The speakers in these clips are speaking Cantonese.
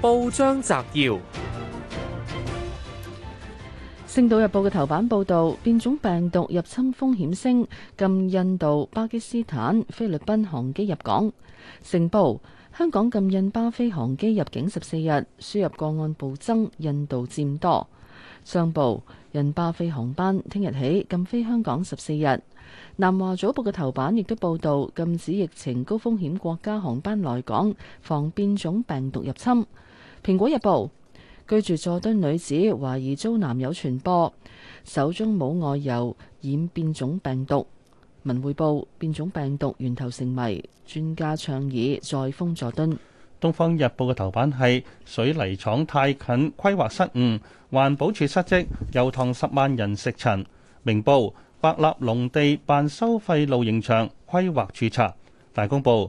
報章摘要，《星島日報》嘅頭版報道變種病毒入侵風險升，禁印度、巴基斯坦、菲律賓航機入港。成報，香港禁印巴菲航機入境十四日，輸入個案暴增，印度佔多。商報，印巴菲航班聽日起禁飛香港十四日。南華早報嘅頭版亦都報道禁止疫情高風險國家航班來港，防變種病毒入侵。《蘋果日報》居住佐敦女子懷疑遭男友傳播，手中冇外遊染變種病毒。《文匯報》變種病毒源頭成謎，專家倡議再封佐敦。《東方日報》嘅頭版係水泥廠太近規劃失誤，環保署失職，油塘十萬人食塵。《明報》百立農地辦收費露營場，規劃註冊。《大公報》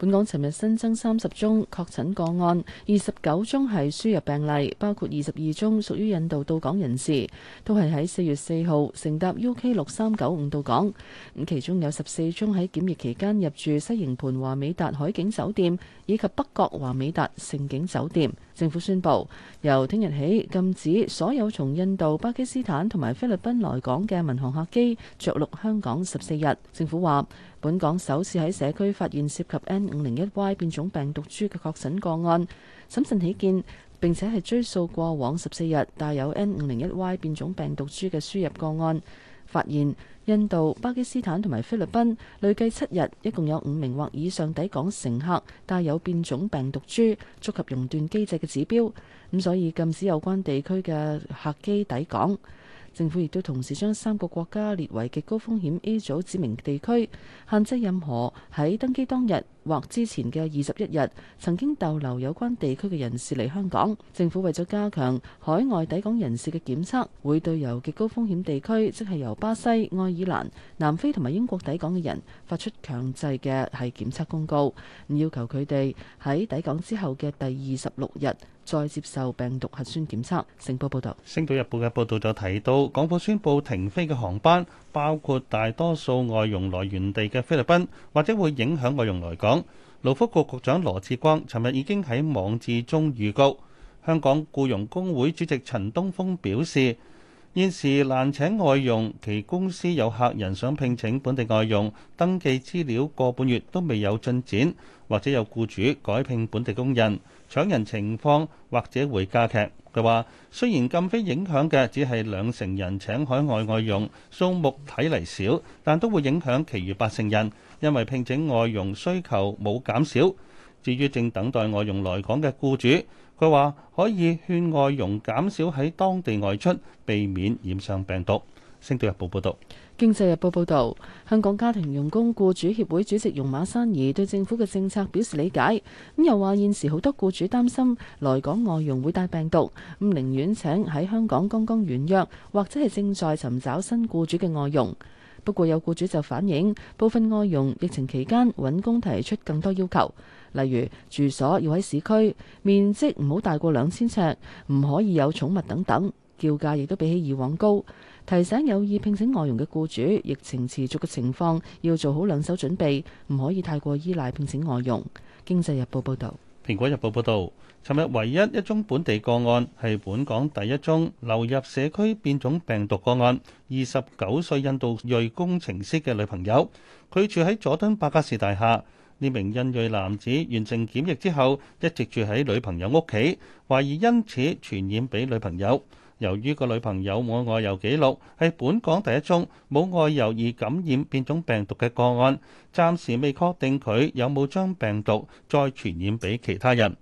本港尋日新增三十宗確診個案，二十九宗係輸入病例，包括二十二宗屬於印度到港人士，都係喺四月四號乘搭 UK 六三九五到港。咁其中有十四宗喺檢疫期間入住西營盤華美達海景酒店以及北角華美達盛景酒店。政府宣布，由聽日起禁止所有從印度、巴基斯坦同埋菲律賓來港嘅民航客機着陸香港十四日。政府話，本港首次喺社區發現涉及 N 五零一 Y 變種病毒株嘅確診個案，審慎起見，並且係追溯過往十四日帶有 N 五零一 Y 變種病毒株嘅輸入個案，發現。印度、巴基斯坦同埋菲律賓累計七日，一共有五名或以上抵港乘客帶有變種病毒株，觸及熔斷機制嘅指標，咁所以禁止有關地區嘅客機抵港。政府亦都同時將三個國家列為極高風險 A 組指明地區，限制任何喺登機當日，或之前嘅二十一日曾經逗留有關地區嘅人士嚟香港，政府為咗加強海外抵港人士嘅檢測會對由極高風險地區，即係由巴西、愛爾蘭、南非同埋英國抵港嘅人，發出強制嘅係檢測公告，要求佢哋喺抵港之後嘅第二十六日再接受病毒核酸檢測。成報報道。星島日報嘅報道就提到，港府宣布停飛嘅航班包括大多數外傭來源地嘅菲律賓，或者會影響外傭來港。勞福局局長羅志光尋日已經喺網誌中預告。香港僱傭工會主席陳東峰表示，現時難請外傭，其公司有客人想聘請本地外傭，登記資料個半月都未有進展，或者有僱主改聘本地工人，搶人情況或者會加劇。佢話雖然禁飛影響嘅只係兩成人請海外外傭，數目睇嚟少，但都會影響其餘八成人。因為聘請外傭需求冇減少，至於正等待外傭來港嘅僱主，佢話可以勸外傭減少喺當地外出，避免染上病毒。星島日報報道：「經濟日報報道，香港家庭用工僱主協會主席容馬珊兒對政府嘅政策表示理解，咁又話現時好多僱主擔心來港外傭會帶病毒，咁寧願請喺香港剛剛完約或者係正在尋找新僱主嘅外傭。不過有僱主就反映，部分外傭疫情期間揾工提出更多要求，例如住所要喺市區，面積唔好大過兩千尺，唔可以有寵物等等。叫價亦都比起以往高。提醒有意聘請外傭嘅僱主，疫情持續嘅情況要做好兩手準備，唔可以太過依賴聘請外傭。經濟日報報導，蘋果日報報導。尋日唯一一宗本地個案係本港第一宗流入社區變種病毒個案，二十九歲印度裔工程師嘅女朋友，佢住喺佐敦白加士大廈。呢名印裔男子完成檢疫之後，一直住喺女朋友屋企，懷疑因此傳染俾女朋友。由於個女朋友冇外遊記錄，係本港第一宗冇外遊而感染變種病毒嘅個案，暫時未確定佢有冇將病毒再傳染俾其他人。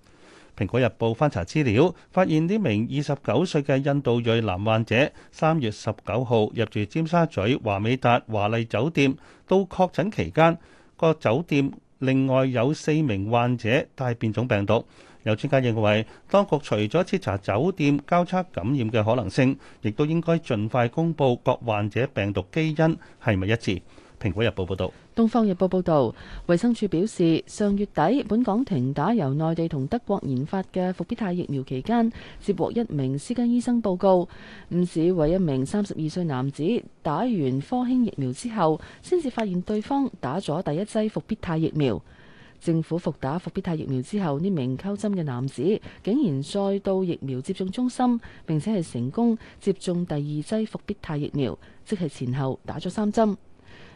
《蘋果日報》翻查資料，發現呢名二十九歲嘅印度裔男患者三月十九號入住尖沙咀華美達華麗酒店，到確診期間，各酒店另外有四名患者帶變種病毒。有專家認為，當局除咗徹查酒店交叉感染嘅可能性，亦都應該盡快公布各患者病毒基因係咪一致。蘋果日報報道，東方日報報道，衛生署表示，上月底本港停打由內地同德國研發嘅復必泰疫苗期間，接獲一名私家醫生報告，誤以為一名三十二歲男子打完科興疫苗之後，先至發現對方打咗第一劑復必泰疫苗。政府復打復必泰疫苗之後，呢名溝針嘅男子竟然再到疫苗接種中心，並且係成功接種第二劑復必泰疫苗，即係前後打咗三針。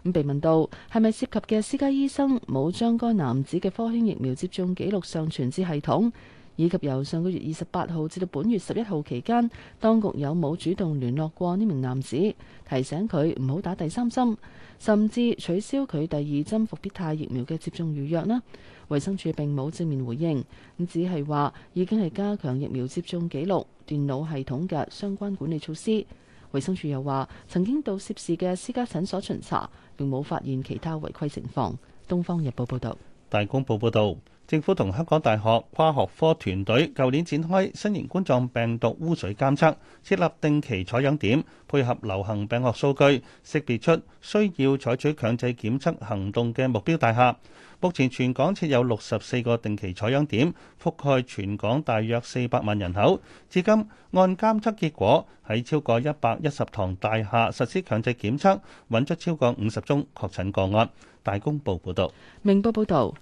咁被問到係咪涉及嘅私家醫生冇將該男子嘅科興疫苗接種記錄上傳至系統，以及由上個月二十八號至到本月十一號期間，當局有冇主動聯絡過呢名男子提醒佢唔好打第三針，甚至取消佢第二針復必泰疫苗嘅接種預約呢？衞生署並冇正面回應，只係話已經係加強疫苗接種記錄電腦系統嘅相關管理措施。衛生署又話，曾經到涉事嘅私家診所巡查，並冇發現其他違規情況。東方日報報道。大公報報道。政府同香港大學跨學科團隊舊年展開新型冠狀病毒污水監測，設立定期採樣點，配合流行病學數據，識別出需要採取強制檢測行動嘅目標大廈。目前全港設有六十四個定期採樣點，覆蓋全港大約四百萬人口。至今，按監測結果，喺超過一百一十堂大廈實施強制檢測，揾出超過五十宗確診個案。大公報報道。明報報道。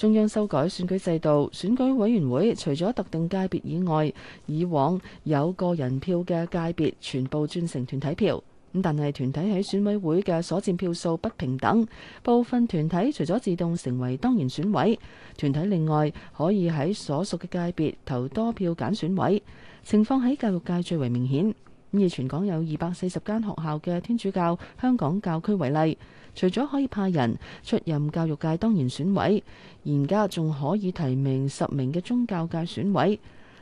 中央修改選舉制度，選舉委員會除咗特定界別以外，以往有個人票嘅界別，全部轉成團體票。咁但係團體喺選委會嘅所佔票數不平等，部分團體除咗自動成為當然選委，團體另外可以喺所屬嘅界別投多票揀選委。情況喺教育界最為明顯。以全港有二百四十間學校嘅天主教香港教區為例，除咗可以派人出任教育界當然選委，而家仲可以提名十名嘅宗教界選委。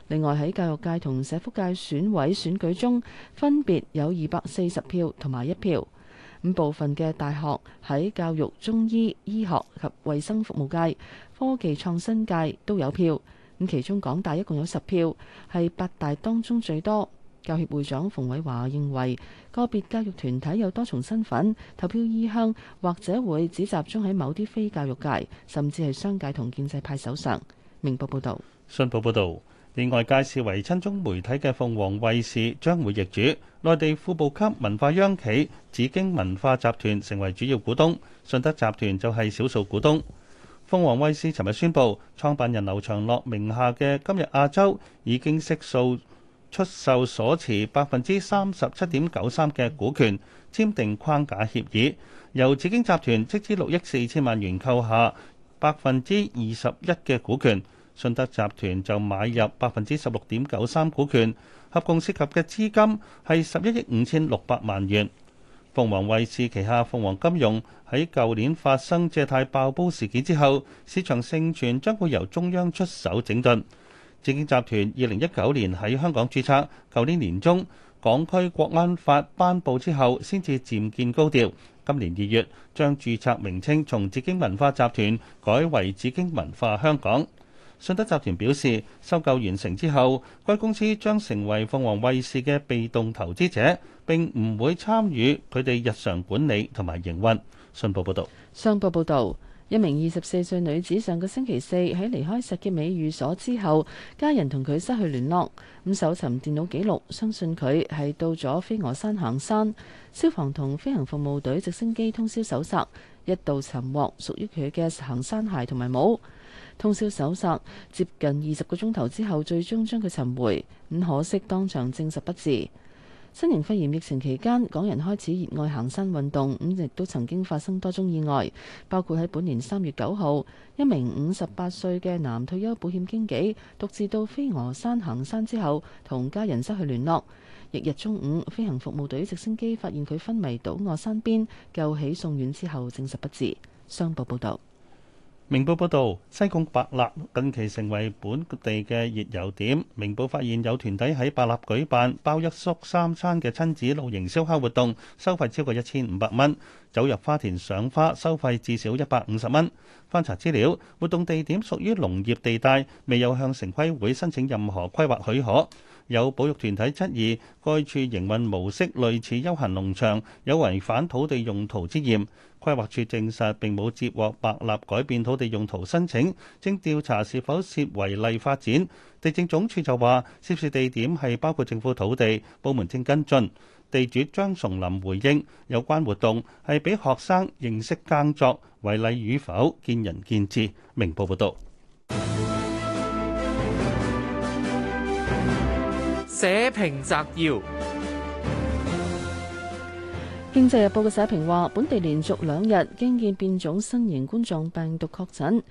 另外喺教育界同社福界選委選舉中，分別有二百四十票同埋一票。咁部分嘅大學喺教育、中醫、醫學及衛生服務界、科技創新界都有票。咁其中港大一共有十票，係八大當中最多。教協會長馮偉華認為，個別教育團體有多重身份，投票意向或者會只集中喺某啲非教育界，甚至係商界同建制派手上。明報報導，信報報導，另外外界視為親中媒體嘅鳳凰衛視將會易主，內地副部級文化央企紫荊文化集團成為主要股東，信德集團就係少數股東。鳳凰衛視尋日宣布，創辦人劉長樂名下嘅今日亞洲已經悉數出售所持百分之三十七點九三嘅股權，簽訂框架協議，由紫荊集團斥資六億四千萬元購下百分之二十一嘅股權，順德集團就買入百分之十六點九三股權，合共涉及嘅資金係十一億五千六百萬元。鳳凰衛視旗下鳳凰金融喺舊年發生借貸爆煲事件之後，市場盛傳將會由中央出手整頓。紫荊集團二零一九年喺香港註冊，舊年年中港區國安法頒布之後，先至漸見高調。今年二月將註冊名稱從紫荊文化集團改為紫荊文化香港。信德集團表示，收購完成之後，該公司將成為鳳凰衛視嘅被動投資者，並唔會參與佢哋日常管理同埋營運。信報報導，商報報導。一名二十四歲女子上個星期四喺離開石硖尾寓所之後，家人同佢失去聯絡。咁搜尋電腦記錄，相信佢係到咗飛鵝山行山。消防同飛行服務隊直升機通宵搜查，一度尋獲屬於佢嘅行山鞋同埋帽。通宵搜查接近二十個鐘頭之後，最終將佢尋回。咁可惜，當場證實不治。新型肺炎疫情期間，港人開始熱愛行山運動，咁亦都曾經發生多宗意外，包括喺本年三月九號，一名五十八歲嘅男退休保險經紀，獨自到飛鵝山行山之後，同家人失去聯絡，翌日中午，飛行服務隊直升機發現佢昏迷倒臥山邊，救起送院之後，證實不治。商報報道。明報報導，西貢白臘近期成為本地嘅熱遊點。明報發現有團體喺白臘舉辦包一宿三餐嘅親子露營燒烤活動，收費超過一千五百蚊。走入花田賞花，收費至少一百五十蚊。翻查資料，活動地點屬於農業地帶，未有向城規會申請任何規劃許可。有保育團體質疑該處營運模式類似休閒農場，有違反土地用途之嫌。規劃處證實並冇接獲白立改變土地用途申請，正調查是否涉違例發展。地政總署就話涉事地點係包括政府土地，部門正跟進。地主張崇林回應有關活動係俾學生認識耕作，違例與否見仁見智。明報報道。社評摘要：經濟日報嘅社評話，本地連續兩日驚現變種新型冠狀病毒確診，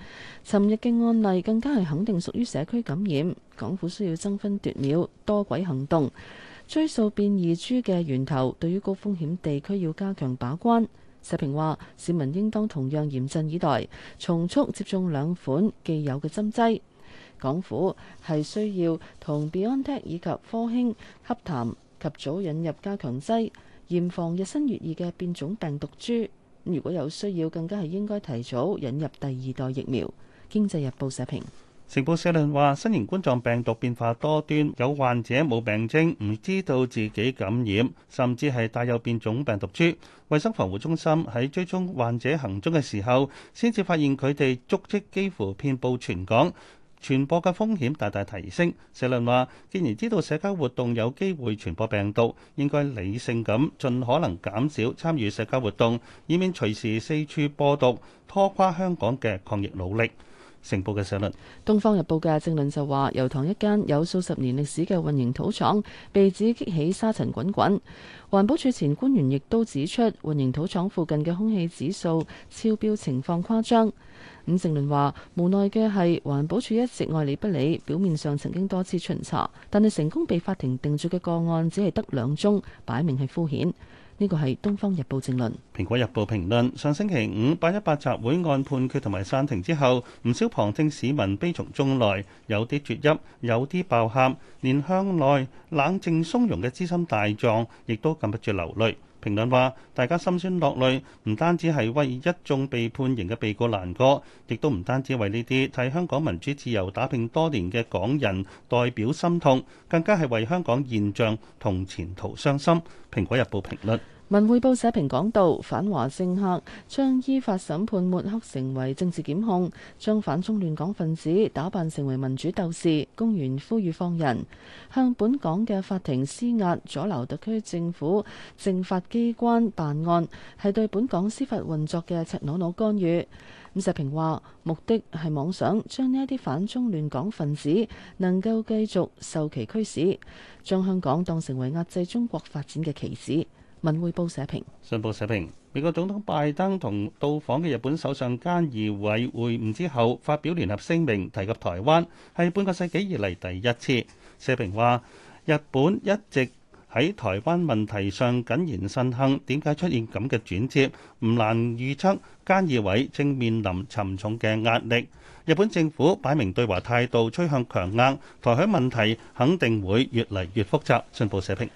尋日嘅案例更加係肯定屬於社區感染。港府需要爭分奪秒，多軌行動，追溯變異株嘅源頭。對於高風險地區，要加強把關。社評話，市民應當同樣嚴陣以待，從速接種兩款既有嘅針劑。港府係需要同 Beyond Tech 以及科興洽談及早引入加強劑，嚴防日新月異嘅變種病毒株。咁如果有需要，更加係應該提早引入第二代疫苗。經濟日報社評。成報社論話：新型冠狀病毒變化多端，有患者冇病徵，唔知道自己感染，甚至係帶有變種病毒株。衞生防護中心喺追蹤患者行蹤嘅時候，先至發現佢哋足跡幾乎遍佈全港。傳播嘅風險大大提升，社論話：既然知道社交活動有機會傳播病毒，應該理性咁盡可能減少參與社交活動，以免隨時四處播毒，拖垮香港嘅抗疫努力。成報嘅社論，《東方日報》嘅正論就話，油塘一間有數十年歷史嘅混凝土廠被指激起沙塵滾滾。環保署前官員亦都指出，混凝土廠附近嘅空氣指數超標情況誇張。伍正論話，無奈嘅係環保署一直愛理不理，表面上曾經多次巡查，但係成功被法庭定罪嘅個案只係得兩宗，擺明係敷衍。呢個係《東方日報》正論，《蘋果日報》評論。上星期五八一八集會案判決同埋散庭之後，唔少旁聽市民悲從中來，有啲啜泣，有啲爆喊，連向來冷靜從容嘅資深大狀，亦都禁不住流淚。評論話：大家心酸落淚，唔單止係為一眾被判刑嘅被告難過，亦都唔單止為呢啲替香港民主自由打拼多年嘅港人代表心痛，更加係為香港現象同前途傷心。《蘋果日報》評論。文匯報社評講道：反華政客將依法審判抹黑，成為政治檢控；將反中亂港分子打扮成為民主鬥士，公然呼籲放人，向本港嘅法庭施壓，阻撓特區政府政法機關辦案，係對本港司法運作嘅赤裸裸干預。伍社平話目的係妄想，將呢一啲反中亂港分子能夠繼續受其驅使，將香港當成為壓制中國發展嘅棋子。文匯報社評。信報社評，美國總統拜登同到訪嘅日本首相菅義偉會晤之後，發表聯合聲明提及台灣，係半個世紀以嚟第一次。社評話，日本一直喺台灣問題上謹言慎行，點解出現咁嘅轉折？唔難預測，菅義偉正面臨沉重嘅壓力。日本政府擺明對華態度，趨向強硬，台海問題肯定會越嚟越複雜。信報社評。